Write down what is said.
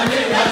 maneira